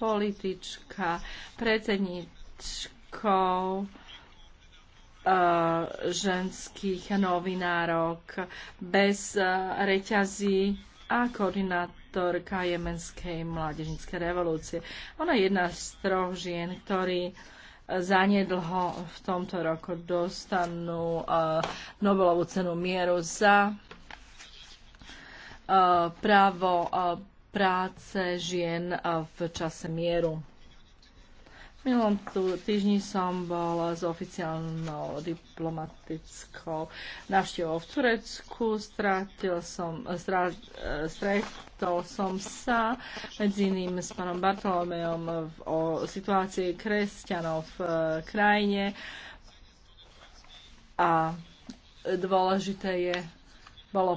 politička predsedničkou e, ženských novinárok bez e, reťazí a koordinátorka jemenskej mládežnické revolúcie. Ona je jedna z troch žien, ktorí e, zanedlho v tomto roku dostanú Nobelovú cenu mieru za právo práce žien v čase mieru. V minulom týždni som bol s oficiálnou diplomatickou návštevou v Turecku. Stratil som, stra, stretol som sa medzi iným s pánom Bartolomeom o situácii kresťanov v e, krajine. A dôležité je, bolo